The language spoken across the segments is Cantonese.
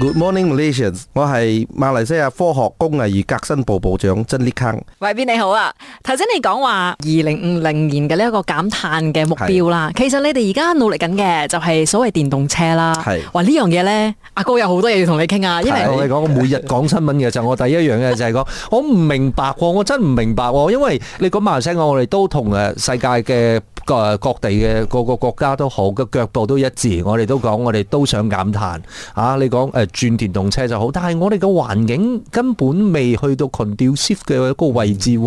Good morning Malaysians，我係馬來西亞科學工藝與革新部部長鄭立慷。喂，邊你好啊，頭先你講話二零五零年嘅呢一個減碳嘅目標啦，其實你哋而家努力緊嘅就係所謂電動車啦。係，哇呢樣嘢呢，阿哥有好多嘢要同你傾啊，因為我哋講，我每日講新聞嘅就我第一樣嘅就係講，我唔明白，我真唔明白，因為你講馬來西亞，我哋都同誒世界嘅個各地嘅各個國家都好嘅腳步都一致，我哋都講我哋都想減碳啊，你講誒。轉電動車就好，但係我哋嘅環境根本未去到 condo shift 嘅一個位置，好、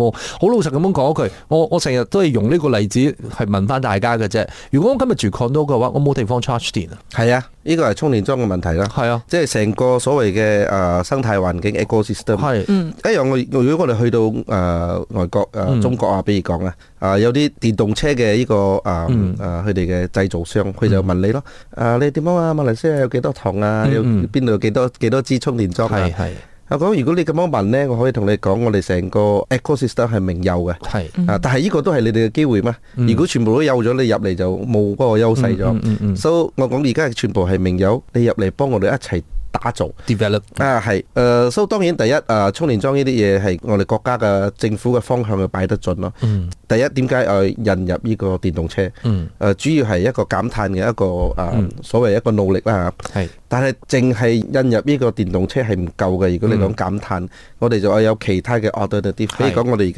嗯、老實咁樣講一句，我我成日都係用呢個例子去問翻大家嘅啫。如果我今日住 condo 嘅話，我冇地方 charge 電啊。係啊。呢個係充電樁嘅問題啦，係啊，即係成個所謂嘅誒生態環境 ecosystem、嗯、一樣我如果我哋去到誒、呃、外國啊、呃、中國啊，嗯、比如講啊，啊、呃、有啲電動車嘅呢、這個誒誒佢哋嘅製造商，佢、嗯、就問你咯，啊、呃、你點樣啊？馬來西亞有幾多桶啊？邊度、嗯、有幾多幾多支充電樁啊？嗯嗯嗯嗯嗯我講，如果你咁樣問咧，我可以同你講，我哋成個 ecosystem 係名有嘅，係，啊，但係依個都係你哋嘅機會嘛？如果全部都有咗，你入嚟就冇嗰個優勢咗。So 我講而家全部係名有，你入嚟幫我哋一齊。打造 develop ed. 啊，係，誒、呃，所以當然第一，誒、呃，充電樁呢啲嘢係我哋國家嘅政府嘅方向去擺得準咯。嗯、第一，點解誒引入呢個電動車？誒、嗯呃，主要係一個減碳嘅一個誒、呃，所謂一個努力啦係，嗯、但係淨係引入呢個電動車係唔夠嘅。如果你講減碳，嗯、我哋就誒有其他嘅 alternative，譬如講我哋而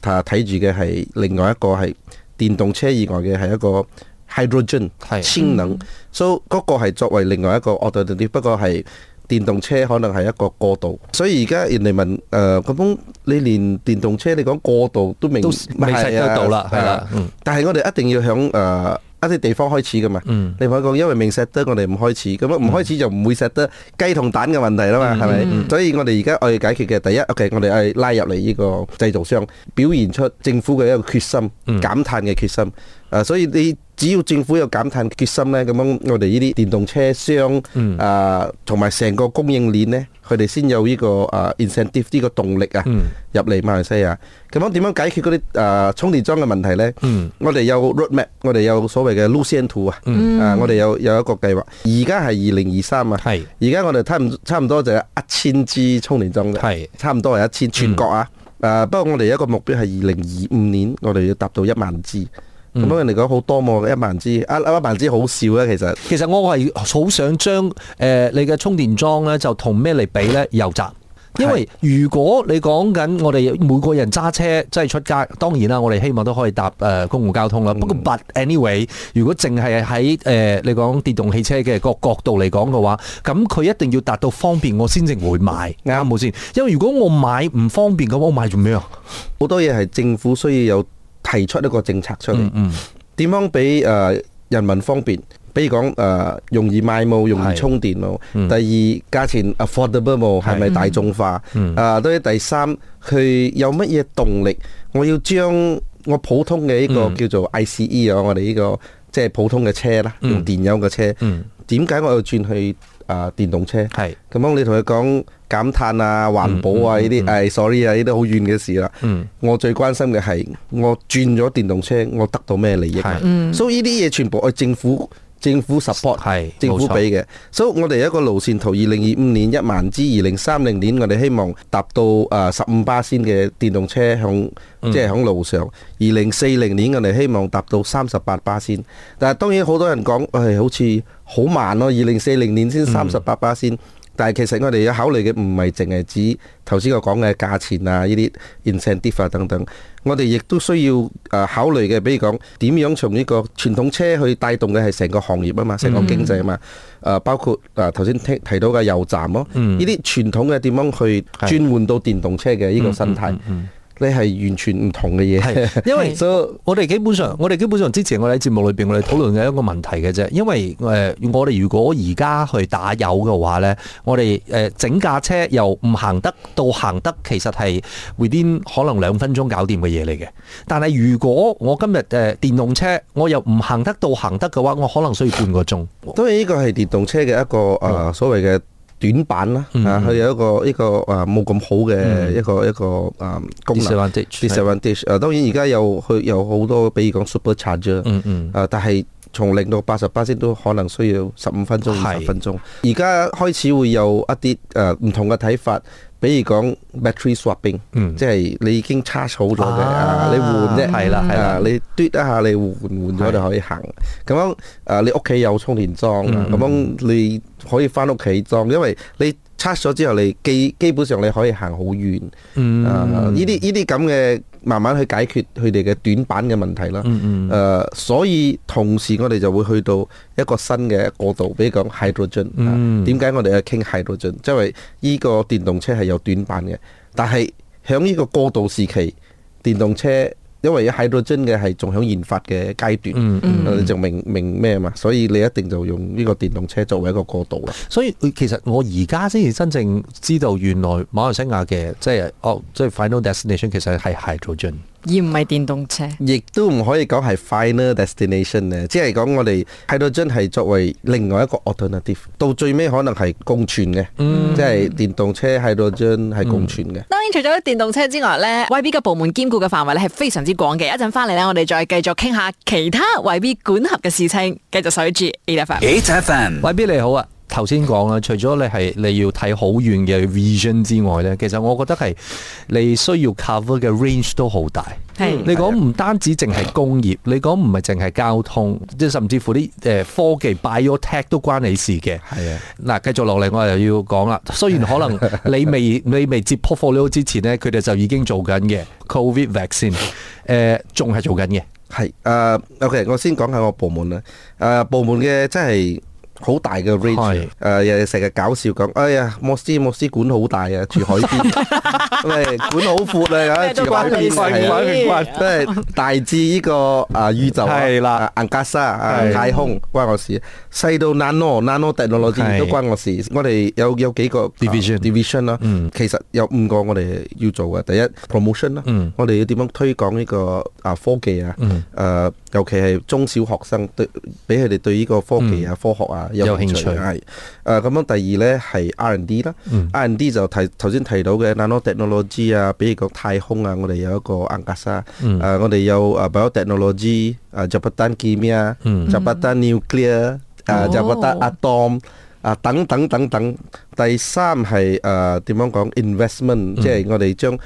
家睇住嘅係另外一個係電動車以外嘅係一個。hydrogen 係，氫能，so 嗰個係作為另外一個 alternative，不過係電動車可能係一個過渡，所以而家人哋問誒，咁你連電動車你講過渡都明都未實得到啦，係啦，但係我哋一定要響誒一啲地方開始噶嘛，你唔好講因為未實得我哋唔開始，咁啊唔開始就唔會實得雞同蛋嘅問題啦嘛，係咪？所以我哋而家我哋解決嘅第一，OK，我哋係拉入嚟呢個製造商，表現出政府嘅一個決心、減碳嘅決心。啊，所以你只要政府有減碳決心咧，咁樣我哋呢啲電動車商啊，同埋成個供應鏈咧，佢哋先有呢個啊 incentive 呢個動力啊，入嚟馬來西亞。咁樣點樣解決嗰啲啊充電樁嘅問題咧？我哋有 roadmap，我哋有所謂嘅 Lucient 路線圖啊。啊，我哋有有一個計劃。而家係二零二三啊，而家我哋差唔差唔多就有一千支充電樁嘅，差唔多係一千全國啊。誒，不過我哋一個目標係二零二五年，我哋要達到一萬支。咁、嗯、多人嚟講好多喎，一萬支啊！一萬支好少咧，其實。其實我係好想將誒、呃、你嘅充電樁咧，就同咩嚟比咧？ 油站。因為如果你講緊我哋每個人揸車即係出街，當然啦，我哋希望都可以搭誒公共交通啦。嗯、不過，but anyway，如果淨係喺誒你講電動汽車嘅個角度嚟講嘅話，咁佢一定要達到方便，我先至會買。啱啱？冇 先，因為如果我買唔方便嘅我買做咩啊？好多嘢係政府需要有。提出一個政策出嚟，點樣俾誒人民方便？比如講誒、呃、容易買冇，容易充電喎。嗯、第二，價錢 affordable 喎、嗯，係咪大眾化？誒、嗯，都、呃、第三，佢有乜嘢動力？我要將我普通嘅呢個叫做 ICE 啊、嗯，我哋呢、這個即係普通嘅車啦，用電油嘅車，點解、嗯嗯、我要轉去？啊！電動車係咁樣，是你同佢講減碳啊、環保啊呢啲，誒、嗯嗯嗯哎、sorry 啊，呢啲好遠嘅事啦。嗯，我最關心嘅係我轉咗電動車，我得到咩利益？嗯是，所以呢啲嘢全部係、哎、政府。政府 support，政府俾嘅，所、so, 以我哋一個路線圖，二零二五年一萬至二零三零年，我哋希望達到誒十五巴仙嘅電動車，響即係響路上，二零四零年我哋希望達到三十八巴仙。但係當然好多人講，誒、哎、好似好慢咯，二零四零年先三十八巴仙。但係其實我哋要考慮嘅唔係淨係指頭先我講嘅價錢啊，呢啲 incentive 啊等等，我哋亦都需要誒考慮嘅，比如講點樣從呢個傳統車去帶動嘅係成個行業啊嘛，成個經濟啊嘛，誒、mm hmm. 啊、包括誒頭先聽提到嘅油站咯、啊，呢啲、mm hmm. 傳統嘅點樣去轉換到電動車嘅呢個生態。Mm hmm. 嗯 hmm. 你係完全唔同嘅嘢，因為 So，我哋基本上，我哋基本上之前我哋喺節目裏邊，我哋討論嘅一個問題嘅啫。因為誒、呃，我哋如果而家去打油嘅話咧，我哋誒、呃、整架車由唔行得到行得，其實係會可能兩分鐘搞掂嘅嘢嚟嘅。但係如果我今日誒、呃、電動車，我又唔行得到行得嘅話，我可能需要半個鐘。所以呢個係電動車嘅一個誒、呃、所謂嘅。短板啦，啊，佢有一個一個誒冇咁好嘅一個、嗯、一個誒功能。Disadvantage 當然而家有佢有好多，比如講 super charger 嗯嗯，誒、啊，但係從零到八十巴仙都可能需要十五分，分鐘、二十分鐘。而家開始會有一啲誒唔同嘅睇法。比如講 battery swapping、嗯、即係你已經 charge 好咗嘅、啊，你換啫，係啦係啦，你嘟一下你換換咗就可以行。咁的樣誒、呃，你屋企有充電樁咁、嗯、樣你可以翻屋企裝，因為你 charge 咗之後，你基基本上你可以行好遠。嗯，呢啲呢啲咁嘅。慢慢去解決佢哋嘅短板嘅問題啦。誒、mm hmm. 呃，所以同時我哋就會去到一個新嘅過渡，比如講係 hydrogen。點、hmm. 解我哋要傾係 hydrogen？因為呢個電動車係有短板嘅，但係喺呢個過渡時期，電動車。因為 hydrogen 嘅係仲喺研發嘅階段，mm hmm. 你就明明咩嘛，所以你一定就用呢個電動車作為一個過渡啦。所以其實我而家先至真正知道原來馬來西亞嘅即係哦，即係 oh, so、final destination 其實係 hydrogen。而唔係電動車，亦都唔可以講係 final destination 咧。即係講我哋喺度將係作為另外一個 alternative，到最尾可能係共存嘅，嗯、即係電動車喺度將係共存嘅。嗯、當然，除咗電動車之外咧，YB 嘅部門兼顧嘅範圍咧係非常之廣嘅。一陣翻嚟咧，我哋再繼續傾下其他 YB 管轄嘅事情。繼續守住 eight FM，eight FM，YB 你好啊！頭先講啦，除咗你係你要睇好遠嘅 vision 之外咧，其實我覺得係你需要 cover 嘅 range 都好大。係、嗯、你講唔單止淨係工業，的你講唔係淨係交通，即係甚至乎啲誒科技 biotech 都關你事嘅。係啊的，嗱，繼續落嚟，我又要講啦。雖然可能你未 你未接 portfolio 之前咧，佢哋就已經做緊嘅 covid vaccine，誒、嗯，仲係做緊嘅。係誒、uh,，OK，我先講下我部門啦。誒，部門嘅真係。好大嘅 range，誒，又成日搞笑講，哎呀，莫斯科管好大啊，住海邊，管好闊啊，住海邊，係，都係大至呢個啊宇宙啊，係啦，Angkasa 啊，太空關我事，細到 nano，nano 大到攞啲都關我事。我哋有有幾個 division，division 啦，其實有五個我哋要做嘅，第一 promotion 啦，我哋要點樣推廣呢個啊科技啊，誒。尤其係中小學生對，俾佢哋對依個科技啊、科學啊有興趣。係，誒咁樣第二咧係 R&D 啦，R&D 就提頭先提到嘅 nano technology 啊，比如講太空啊，我哋有一個 Angkasa，誒我哋有誒 bio technology，誒就不但 kimia 啊，就不但 nuclear，誒就不但 atom，誒等等等等。第三係誒點樣講 investment，即係我哋將。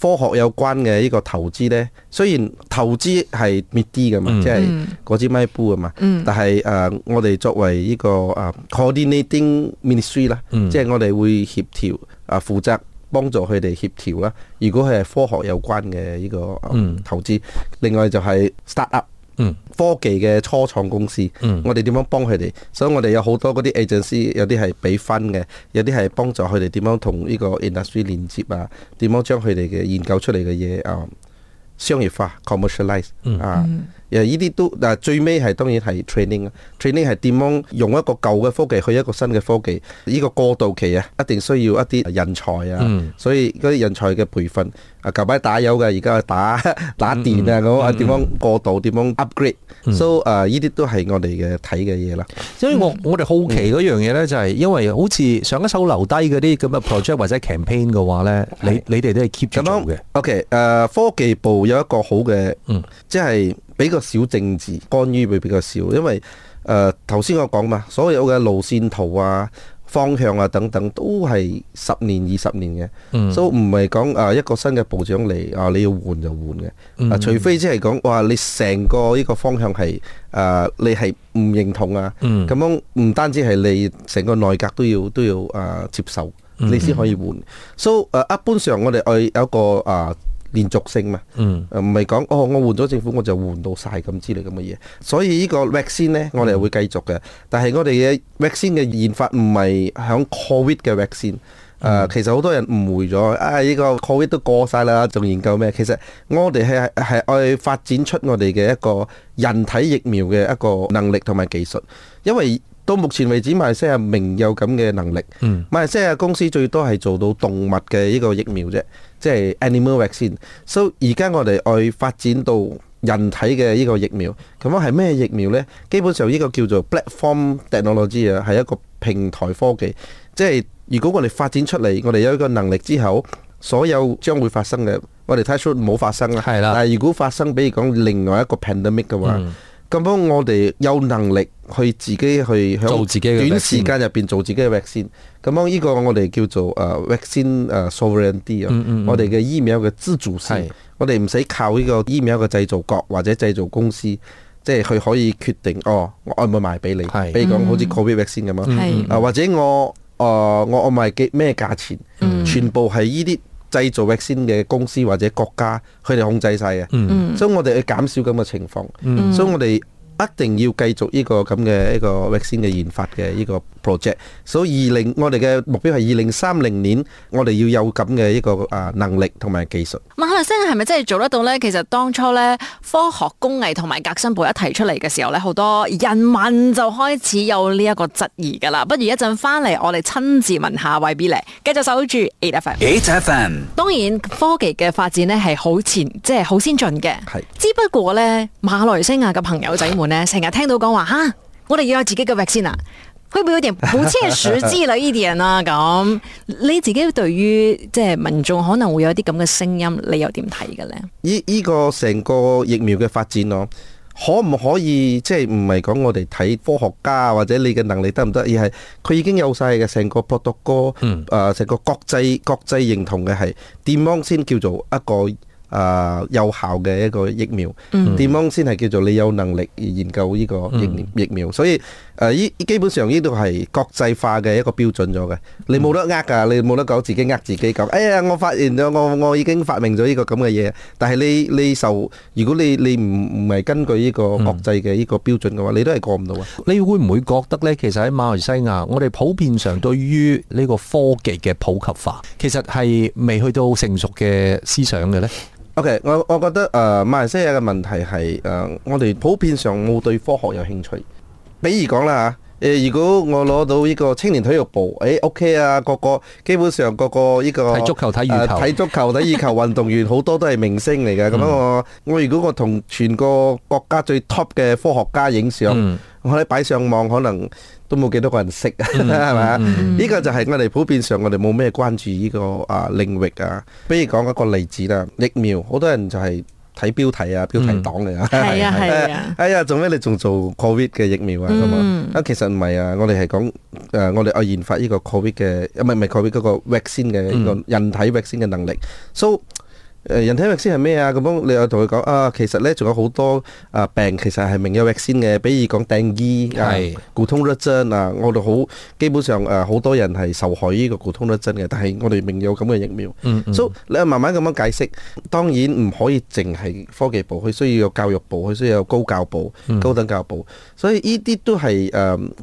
科學有關嘅呢個投資呢，雖然投資係滅啲㗎嘛，mm. 即係嗰支咪煲啊嘛，mm. 但係誒，uh, 我哋作為呢、這個誒、uh, coordinating ministry 啦、mm.，即係我哋會協調啊，負責幫助佢哋協調啦。如果係科學有關嘅呢、這個、um, mm. 投資，另外就係 startup。科技嘅初創公司，嗯、我哋點樣幫佢哋？所以我哋有好多嗰啲 agency 有啲係俾分嘅，有啲係幫助佢哋點樣同呢個 industry 連接啊？點樣將佢哋嘅研究出嚟嘅嘢啊商業化 commercialize、嗯、啊？嗯誒呢啲都，但係最尾係當然係 training training 係點樣用一個舊嘅科技去一個新嘅科技？呢、這個過渡期啊，一定需要一啲人才啊，嗯、所以嗰啲人才嘅培訓啊，舊排打油嘅，而家打打電啊，咁啊點樣過渡？點樣 upgrade？So，誒、嗯，呢啲、so, uh, 都係我哋嘅睇嘅嘢啦。所以、嗯、我我哋好奇嗰樣嘢呢，就係因為好似上一手留低嗰啲咁嘅 project 或者 campaign 嘅話呢，你你哋都係 keep 住做嘅、嗯。OK，誒、uh, 科技部有一個好嘅，即係。比較少政治干預會比較少，因為誒頭先我講嘛，所有嘅路線圖啊、方向啊等等都係十年二十年嘅，so 唔係講誒一個新嘅部長嚟啊，你要換就換嘅，嗯、除非即係講話你成個呢個方向係誒、呃、你係唔認同啊，咁樣唔單止係你成個內閣都要都要誒、啊、接受，你先可以換，so 一般上我哋去有一個誒。連續性嘛，唔係講哦，我換咗政府我就換到晒咁之類咁嘅嘢。所以呢個疫苗呢，我哋會繼續嘅。但係我哋嘅疫苗嘅研發唔係響 Covid 嘅疫苗，誒，其實好多人誤會咗啊！呢個 Covid 都過晒啦，仲研究咩？其實我哋係係愛發展出我哋嘅一個人體疫苗嘅一個能力同埋技術，因為到目前為止，馬來西亞明有咁嘅能力，馬來西亞公司最多係做到動物嘅呢個疫苗啫。即係 animal vaccine，所以而家我哋愛發展到人體嘅呢個疫苗，咁樣係咩疫苗咧？基本上呢個叫做 platform technology 啊，係一個平台科技。即係如果我哋發展出嚟，我哋有一個能力之後，所有將會發生嘅，我哋睇出冇發生啦。係啦，但係如果發生，比如講另外一個 pandemic 嘅話。咁樣我哋有能力去自己去自響短時間入邊做自己嘅 vaccine，咁樣依個我哋叫做誒 vaccine sovereignty 啲啊、mm，hmm. 我哋嘅疫苗嘅自主性，是我哋唔使靠呢個疫苗嘅製造國或者製造公司，即係佢可以決定哦，我唔會賣俾你。是比如講好似 COVID vaccine 咁樣、mm hmm. 啊，或者我誒、呃、我我賣幾咩價錢，mm hmm. 全部係呢啲。製造 v a 嘅公司或者國家，佢哋控制晒嘅，嗯、所以我哋要減少咁嘅情況，嗯、所以我哋。一定要繼續呢個咁嘅一個 vaccine 嘅研發嘅呢個 project。所以二零我哋嘅目標係二零三零年，我哋要有咁嘅一個啊能力同埋技術，馬來西亞係咪真係做得到咧？其實當初咧，科學工藝同埋革新部一提出嚟嘅時候咧，好多人民就開始有呢一個質疑㗎啦。不如一陣翻嚟，我哋親自問下魏比嚟，繼續守住 eight FM。eight FM。當然科技嘅發展咧係好前，即係好先進嘅。係是。只不過咧，馬來西亞嘅朋友仔們。成日聽到講話吓，我哋要有自己嘅疫苗先啊，會唔會有啲好，點不鼠之類呢啲人啊？咁 你自己對於即係民眾可能會有啲咁嘅聲音，你又點睇嘅咧？呢依，呢個成，呢個，個疫苗嘅發展，我可唔可以即係唔係講我哋睇科學家或者你嘅能力得唔得？而係佢已經有晒嘅成個 protocol，誒，成個國際國際認同嘅係點樣先叫做一個？誒，有效嘅一個疫苗，點樣先係叫做你有能力研究呢個疫疫苗？所以誒，呢基本上呢度係國際化嘅一個標準咗嘅，你冇得呃噶，你冇得講自己呃自己咁。哎呀，我發現咗，我我已經發明咗呢個咁嘅嘢，但係你你受，如果你你唔唔係根據呢個國際嘅呢個標準嘅話，你都係過唔到啊。你會唔會覺得呢？其實喺馬來西亞，我哋普遍上對於呢個科技嘅普及化，其實係未去到成熟嘅思想嘅呢。OK，我我覺得誒，馬來西亞嘅問題係誒，我哋普遍上冇對科學有興趣。比如講啦吓，誒，如果我攞到呢個青年體育部，誒，OK 啊，個個基本上個個呢個睇足球睇羽球運動員好多都係明星嚟嘅。咁樣我我如果我同全個國家最 top 嘅科學家影相，我喺擺上網可能，都冇幾多個人識啊，係咪？呢個就係我哋普遍上我哋冇咩關注呢個啊領域啊。比如講一個例子啦，疫苗，好多人就係睇標題啊，標題黨嚟啊。係啊係啊，啊 哎呀，做咩你仲做 c o v i d 嘅疫苗啊？咁啊、嗯，其實唔係啊，我哋係講誒、啊，我哋愛研發呢個 c o v i d 嘅，唔係唔係 c o v i d 嗰個 vaccine 嘅呢個、嗯、人體 vaccine 嘅能力。So 誒人體 vaccines 係咩啊？咁樣你又同佢講啊，其實咧仲有好多啊病其實係未有 vaccines 嘅，比如講登醫啊、骨痛熱症啊，我哋好基本上誒好多人係受害於個骨痛熱症嘅，但係我哋冇咁嘅疫苗。嗯，所以你慢慢咁樣解釋，當然唔可以淨係科技部，佢需要有教育部，佢需要有高教部、高等教育部，所以呢啲都係誒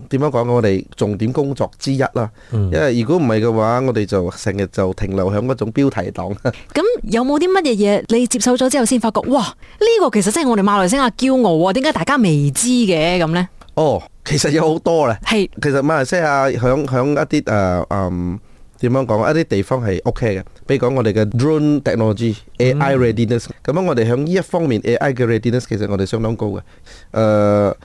點樣講？我哋重點工作之一啦。嗯，因為如果唔係嘅話，我哋就成日就停留喺嗰種標題黨。咁有冇啲？乜嘢嘢你接受咗之後先發覺，哇！呢個其實真係我哋馬來西亞驕傲啊，點解大家未知嘅咁呢？哦，其實有好多喇。係，其實馬來西亞響響一啲誒，點樣講？一啲地方係 OK 嘅，比如講我哋嘅 drone technology，AI readiness、嗯。咁樣我哋響呢一方面 AI 嘅 readiness，其實我哋相當高嘅。誒、呃。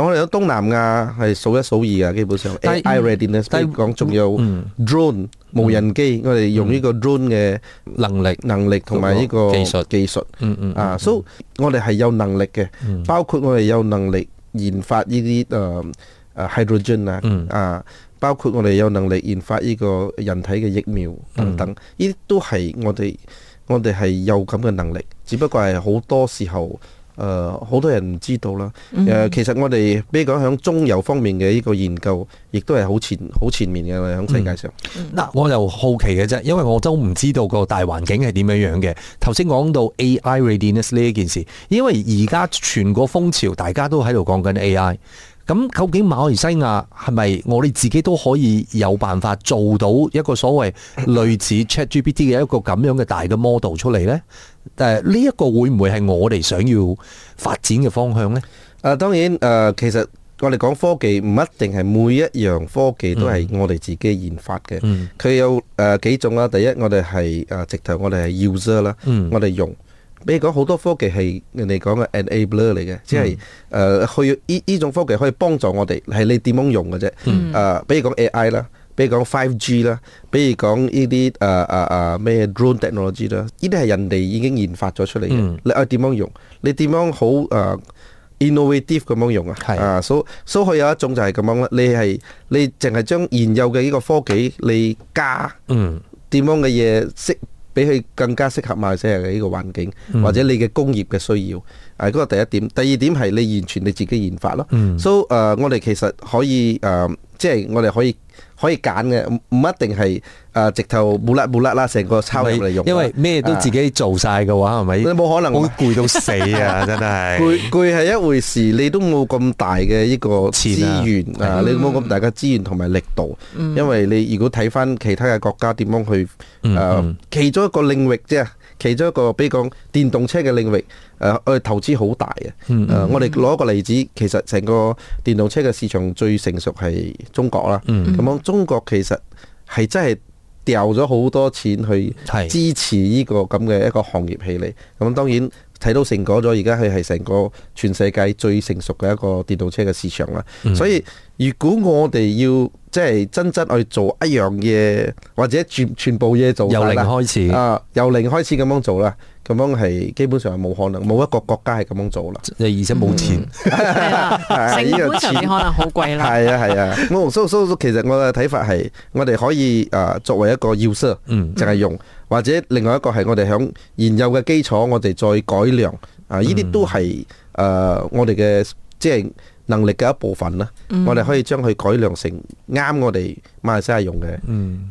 我哋喺東南亞係數一數二嘅，基本上 AI、readiness 講，仲有 drone 無人機，我哋用呢個 drone 嘅能力、能力同埋呢個技術、技術。嗯嗯。啊，so 我哋係有能力嘅，包括我哋有能力研發呢啲誒誒 hydrogen 啊，啊，包括我哋有能力研發呢個人體嘅疫苗等等，呢啲都係我哋我哋係有咁嘅能力，只不過係好多時候。誒，好、呃、多人唔知道啦。誒、呃，其實我哋比如講喺中油方面嘅呢個研究，亦都係好前好前面嘅喺世界上。嗱、嗯嗯，我又好奇嘅啫，因為我都唔知道個大環境係點樣樣嘅。頭先講到 AI Readiness 呢一件事，因為而家全個風潮，大家都喺度講緊 AI。咁究竟馬來西亞係咪我哋自己都可以有辦法做到一個所謂類似 ChatGPT 嘅一個咁樣嘅大嘅 model 出嚟呢？但係，呢一個會唔會係我哋想要發展嘅方向呢？誒、啊，當然誒、呃，其實我哋講科技唔一定係每一樣科技都係我哋自己研發嘅，佢、嗯、有誒、呃、幾種啦。第一，我哋係誒直頭我哋係 user 啦，我哋用。比如講好多科技係人哋講嘅 enable 嚟嘅，即係誒去呢呢種科技可以幫助我哋，係你點樣用嘅啫。誒、呃，比如講 A.I. 啦。比如講 5G 啦，比如講呢啲誒誒誒咩 drone technology 啦，呢啲係人哋已經研發咗出嚟嘅。嗯、你愛點樣用？你點樣好誒 innovative 咁樣用啊？是的 啊，so s、so、佢有一種就係咁樣啦。你係你淨係將現有嘅呢個科技，你加點樣嘅嘢適，俾佢、嗯、更加適合馬來西亞嘅呢個環境，嗯、或者你嘅工業嘅需要。誒、啊、嗰、那個第一點，第二點係你完全你自己研發咯。所以誒，so, uh, 我哋其實可以誒，uh, 即係我哋可以。可以揀嘅，唔唔一定係誒直頭冇甩冇甩啦，成個抄入嚟用。因為咩都自己做曬嘅話係咪？你冇可能，會攰到死啊！真係攰，攰係一回事，你都冇咁大嘅依個資源啊！你冇咁大嘅資源同埋力度，因為你如果睇翻其他嘅國家點樣去誒，其中一個領域即係其中一個比如講電動車嘅領域誒，我哋投資好大嘅誒，我哋攞一個例子，其實成個電動車嘅市場最成熟係中國啦，咁樣中。中國其實係真係掉咗好多錢去支持呢個咁嘅一個行業起嚟，咁當然睇到成果咗，而家佢係成個全世界最成熟嘅一個電動車嘅市場啦，嗯、所以。如果我哋要即係真真去做一樣嘢，或者全全部嘢做由零開始啦，啊、呃，由零開始咁樣做啦，咁樣係基本上係冇可能，冇一個國家係咁樣做啦。又而且冇錢，啊、 yeah, 成本錢可能好貴啦。係啊係啊，我蘇蘇其實我嘅睇法係，我哋可以啊作為一個要塞，淨係、嗯、用或者另外一個係我哋響現有嘅基礎，我哋再改良啊，呢、啊、啲都係誒、嗯啊啊、我哋嘅即係。啊啊能力嘅一部分啦，嗯、我哋可以將佢改良成啱我哋馬來西亞用嘅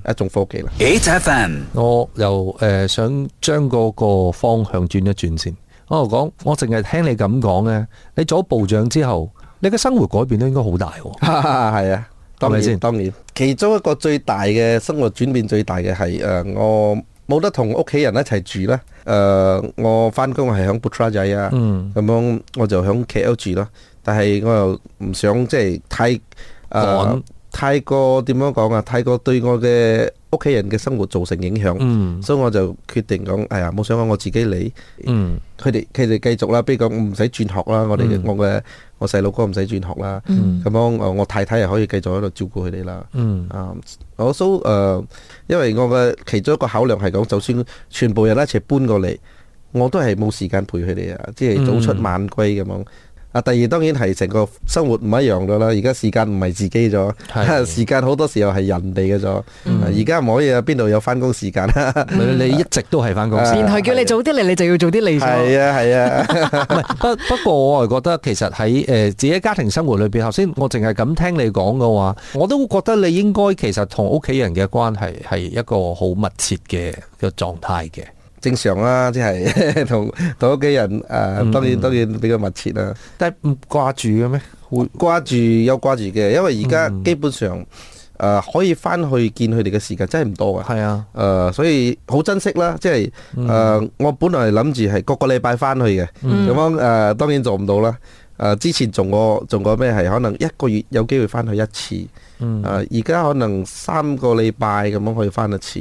一種科技啦。HFN，、嗯、我又誒、呃、想將嗰個方向轉一轉先。我講，我淨係聽你咁講咧，你做咗部長之後，你嘅生活改變都應該好大喎。係啊，當然當然，當然，其中一個最大嘅生活轉變最大嘅係誒，我冇得同屋企人一齊住啦。誒、呃，我翻工係響 Putrajaya 咁樣我就響 KL 住啦。但係我又唔想即係太誒、呃、太過點樣講啊？太過對我嘅屋企人嘅生活造成影響，嗯、所以我就決定講，哎呀，冇想講我自己嚟，佢哋佢哋繼續啦。比如講唔使轉學啦，我哋、嗯、我嘅我細佬哥唔使轉學啦。咁、嗯、樣、呃、我太太又可以繼續喺度照顧佢哋啦。嗯，我都誒，因為我嘅其中一個考量係講，就算全部人一齊搬過嚟，我都係冇時間陪佢哋啊，即係早出晚歸咁樣。啊！第二當然係成個生活唔一樣㗎啦，而家時間唔係自己咗，的時間好多時候係人哋嘅咗。而家唔可以啊，邊度有翻工時間啦、嗯？ 你一直都係翻工，然後、啊、叫你早啲嚟，的你就要早啲嚟咗。係啊，係啊。 不不過我係覺得其實喺誒、呃、自己家庭生活裏邊，頭先我淨係咁聽你講嘅話，我都覺得你應該其實同屋企人嘅關係係一個好密切嘅嘅狀態嘅。正常啦，即係同同屋企人，誒，當然當然比較密切啦。但係唔掛住嘅咩？會掛住有掛住嘅，因為而家基本上誒可以翻去見佢哋嘅時間真係唔多嘅。係啊，誒，所以好珍惜啦。即係誒，我本來係諗住係個個禮拜翻去嘅，咁樣誒，當然做唔到啦。誒，之前仲個仲過咩係可能一個月有機會翻去一次，誒，而家可能三個禮拜咁樣可以翻一次。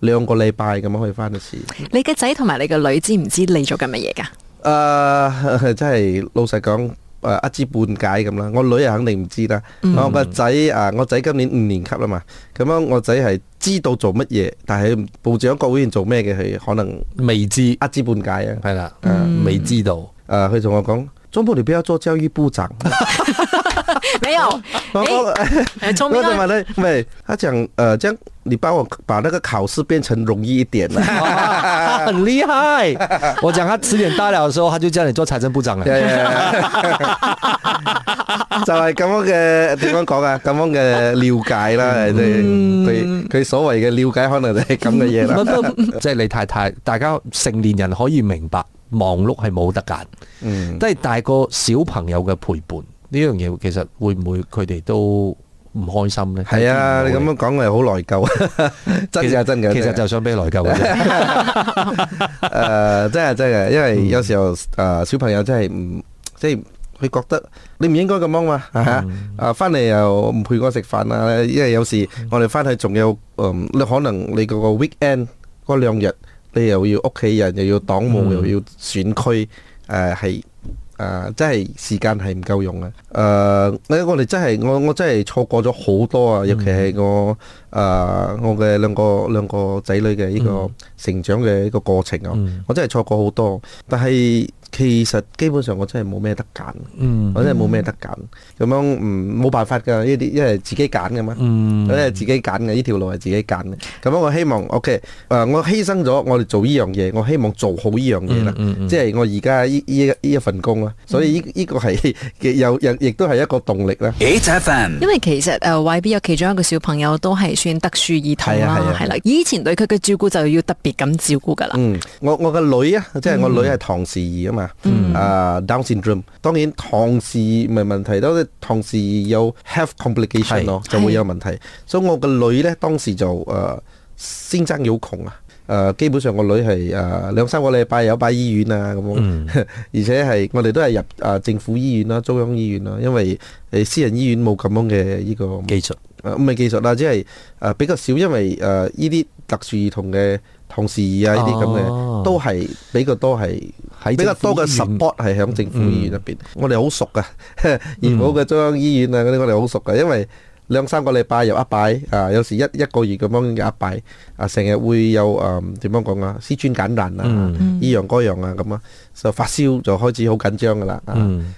兩個禮拜咁樣可以翻到市。你嘅仔同埋你嘅女知唔知你做緊乜嘢㗎？誒、呃，即係老實講，誒、呃、一知半解咁啦。我女係肯定唔知啦，嗯呃。我個仔啊，我仔今年五年級啦嘛。咁樣我仔係知道做乜嘢，但係部長國會議員做咩嘅，佢可能未知一知半解啊。係，嗯，啦、誒，嗯，未知道。誒，佢同我講，總部你比有多，教育部長？ 沒有，我我點解咧？唔係、 欸，他講、啊，誒、 嗯，這你幫我把那個考試變成容易一點啦。很厲害，我講他詞典大了的時候，他就叫你做財政部長啦。 就係咁樣嘅，點樣講啊？咁樣嘅了解啦，佢佢佢所謂嘅了解，可能就係咁嘅嘢啦。即 係、嗯嗯、你太太，大家成年人可以明白，忙碌係冇得揀，嗯，都係大個小朋友嘅陪伴。呢樣嘢其實會唔會佢哋都唔開心呢？係啊，你咁樣講係好內疚。其實係真嘅，其實就想俾你內疚。誒，真係真嘅，因為有時候誒，小朋友真係唔，即係佢覺得你唔應該咁忙嘛嚇。誒，返嚟又唔陪我食飯啊！因為有時我哋返去仲有誒，可能你嗰個 weekend 嗰兩日你又要屋企人又要黨務又要選區誒係。啊！真係時間係唔夠用嘅。誒、呃，我我哋真係我我真係錯過咗好多啊，尤其係我。嗯誒，uh, 我嘅兩個兩個仔女嘅呢個成長嘅呢個過程啊，嗯、我真係錯過好多，但係其實基本上我真係冇咩得揀，嗯、我真係冇咩得揀，咁、嗯、樣唔冇辦法噶，呢啲因為自己揀嘅嘛，我真係自己揀嘅，呢條路係自己揀嘅，咁樣我希望 OK，誒，我犧牲咗我哋做呢樣嘢，我希望做好呢樣嘢啦，嗯嗯嗯、即係我而家呢呢呢一份工啊，所以呢呢、這個係有亦都係一個動力啦。因為其實誒，外邊有其中一個小朋友都係。算特殊議題啊，係啦，啊，啊、以前對佢嘅照顧就要特別咁照顧噶啦。嗯，我我個女啊，即係我女係唐氏兒啊嘛。啊、嗯 uh,，Down syndrome，當然唐氏唔係問題都，唐氏有 health complication 咯是，就會有問題。是所以我個女呢，當時就誒、uh, 先爭要窮啊。誒基本上我女係誒、uh, 兩三個禮拜有擺醫院啊咁樣，嗯、 而且係我哋都係入誒、啊、政府醫院啦、中央醫院啦，因為誒私人醫院冇咁樣嘅呢、這個技術。唔係技術啦，即係誒比較少，因為誒依啲特殊兒童嘅同事啊，呢啲咁嘅都係比較多，係喺比較多嘅 support 係響政府醫院入邊。我哋好熟噶，怡保嘅中央醫院啊啲，我哋好熟噶，因為兩三個禮拜又一擺啊，有時一一個月咁樣嘅一擺啊，成日會有誒點樣講啊，撕穿揀難啊，依樣嗰樣啊咁啊，就發燒就開始好緊張噶啦，啊，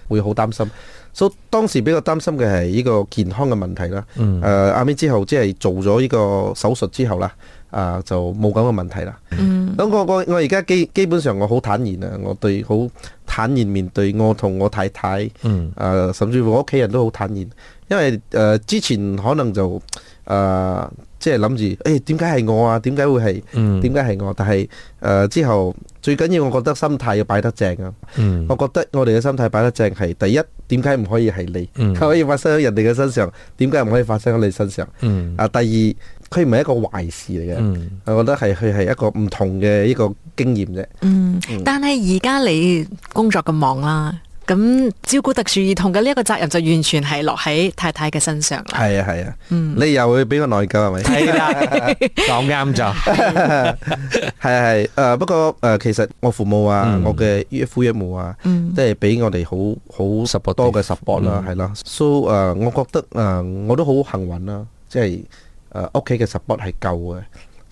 會好擔心。所以、so, 當時比較擔心嘅係呢個健康嘅問題啦。誒、嗯呃，阿咪之後即係做咗呢個手術之後啦，啊、呃、就冇咁嘅問題啦。咁、嗯、我我我而家基基本上我好坦然啊，我對好。坦然面對我同我太太，誒、呃，甚至乎我屋企人都好坦然，因為誒、呃、之前可能就誒、呃、即係諗住，誒點解係我啊？點解會係？點解係我？但係誒之後最緊要，我覺得心態要擺得正啊！嗯、我覺得我哋嘅心態擺得正係第一，點解唔可以係你？佢、嗯、可以發生喺人哋嘅身上，點解唔可以發生喺你身上？啊、嗯，第二佢唔係一個壞事嚟嘅，嗯、我覺得係佢係一個唔同嘅一個。經驗啫，嗯，但係而家你工作咁忙啦，咁照顧特殊兒童嘅呢一個責任就完全係落喺太太嘅身上啦。係啊係啊，啊嗯、你又會比較內疚係咪？係啦，講啱咗，係係誒，不過誒，呃、其實我父母啊，嗯、我嘅岳父岳母啊，即係俾我哋好好 support 多嘅 support 啦，係咯。嗯、so 誒、uh,，我覺得誒，uh, 我都好幸運啦，即係誒，屋企嘅 support 係夠嘅。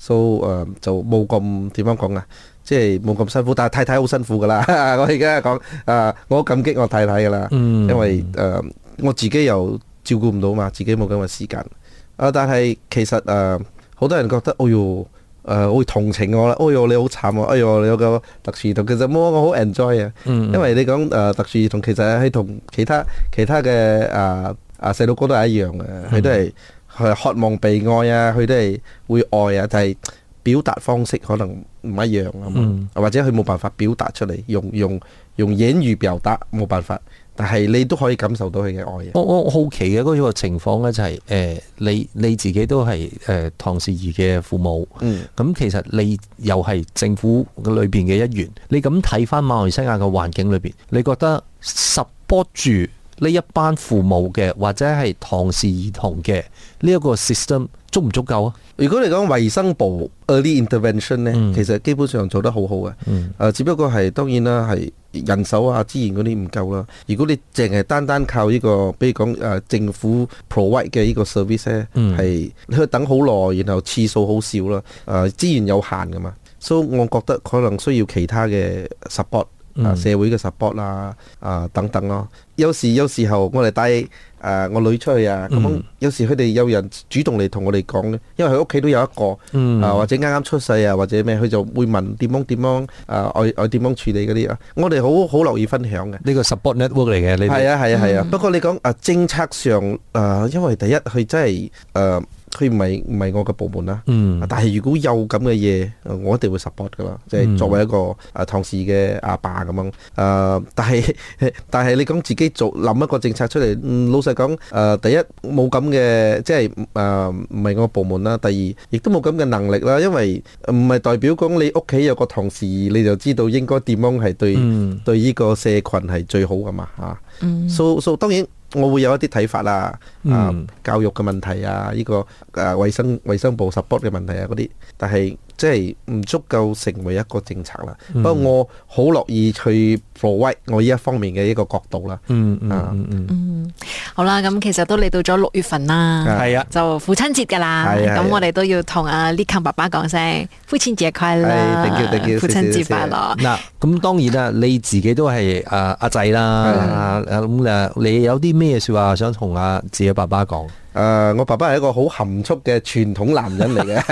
So、uh, 誒，就冇咁點樣講啊。即係冇咁辛苦，但係太太好辛苦噶啦。 我而家講，誒、啊，我感激我太太噶啦，mm. 因為誒、呃、我自己又照顧唔到嘛，自己冇咁嘅時間。啊，但係其實誒，好、呃、多人覺得，哎呦，誒、呃、會同情我啦，哎呦你好慘啊，哎呦你有個特殊兒童。其實冇，我好 enjoy 啊，mm hmm. 因為你講誒、呃、特殊兒童，其實係同其他其他嘅誒誒細佬哥都係一樣嘅，佢、mm. 都係佢渴望被愛啊，佢都係會愛啊，但係。表達方式可能唔一樣啊，嗯、或者佢冇辦法表達出嚟，用用用言語表達冇辦法，但係你都可以感受到佢嘅愛。我我好奇嘅嗰、那個情況咧、就是，就係誒，你你自己都係誒、呃、唐氏兒嘅父母，咁、嗯、其實你又係政府裏邊嘅一員，你咁睇翻馬來西亞嘅環境裏邊，你覺得 support 住？呢一班父母嘅或者係唐氏兒童嘅呢一個 system 足唔足夠啊？如果你講衞生部 early intervention 呢、嗯，其實基本上做得好好嘅。誒、嗯，只不過係當然啦，係人手啊、資源嗰啲唔夠啦。如果你淨係單單靠呢、這個，比如講誒政府 provide 嘅呢個 service，係你去等好耐，然後次數好少啦。誒資源有限㗎嘛，所以我覺得可能需要其他嘅 support。啊，社會嘅 support 啦，啊等等咯，啊，有時有時候我哋帶誒我女出去啊，咁有時佢哋有人主動嚟同我哋講呢，因為佢屋企都有一個啊，或者啱啱出世啊，或者咩，佢就會問點樣點樣啊，我我點樣處理嗰啲啊，我哋好好樂意分享嘅。呢個 support network 嚟嘅，你係啊係啊係啊，啊、嗯、啊。不過你講啊政策上啊，因為第一佢真係誒。啊佢唔係唔係我嘅部門啦，嗯、但係如果有咁嘅嘢，我一定會 support 噶啦。即、就、係、是、作為一個啊同事嘅阿爸咁樣，誒、嗯呃，但係但係你咁自己做諗一個政策出嚟、嗯，老實講誒、呃，第一冇咁嘅，即係誒，唔、呃、係我部門啦。第二，亦都冇咁嘅能力啦，因為唔係代表講你屋企有個同事你就知道應該點樣係對、嗯、對呢個社群係最好噶嘛嚇。所、啊、以、嗯 so, so, 當然。我會有一啲睇法啦，啊，教育嘅問題啊，這個、啊，呢個誒衞生衞生部 support 嘅問題啊，嗰啲，但係。即係唔足夠成為一個政策啦。不過我好樂意去 provide 我呢一方面嘅一個角度啦。嗯嗯嗯嗯。好啦，咁其實都嚟到咗六月份啦，係啊，就父親節噶啦。咁我哋都要同阿 Nick 爸爸講聲父親節快樂，父親節快樂。嗱，咁當然啦，你自己都係啊阿仔啦。咁咧，你有啲咩説話想同阿自己爸爸講？誒，我爸爸係一個好含蓄嘅傳統男人嚟嘅，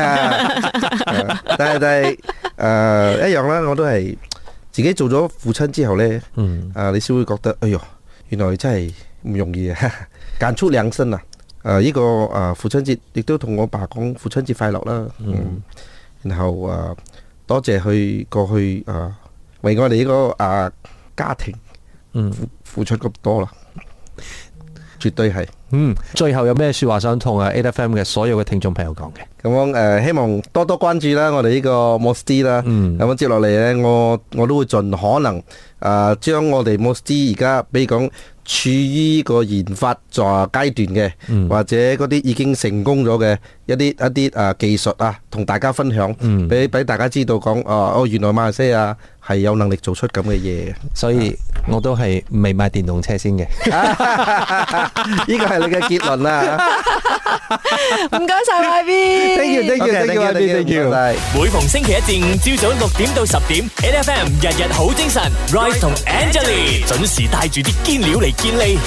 但係但係誒一樣啦，我都係自己做咗父親之後呢，嗯，誒，你先會覺得，哎呦，原來真係唔容易啊，感觸良深啊！誒，呢個誒父親節亦都同我爸講父親節快樂啦，嗯，然後誒多謝佢過去誒為我哋呢個誒家庭，嗯，付出咁多啦，絕對係。嗯，最後有咩說話想同啊 AFM 嘅所有嘅聽眾朋友講嘅？咁樣誒，嗯、希望多多關注啦、嗯，我哋呢個 MOSTI 啦，咁接落嚟咧，我我都會盡可能誒、啊，將我哋 MOSTI 而家，比如講處於個研發在階段嘅，嗯、或者嗰啲已經成功咗嘅一啲一啲誒技術啊，同、啊、大家分享，俾俾大家知道，講哦，原來馬來西亞。係有能力做出咁嘅嘢，所以我都係未買電動車先嘅。呢個係你嘅結論啊！唔該晒，YB。thank you，thank you，thank you，thank you。每逢星期一至五朝早六點到十點，AFM 日日好精神，Rise 同 Angelina 準時帶住啲堅料嚟堅利。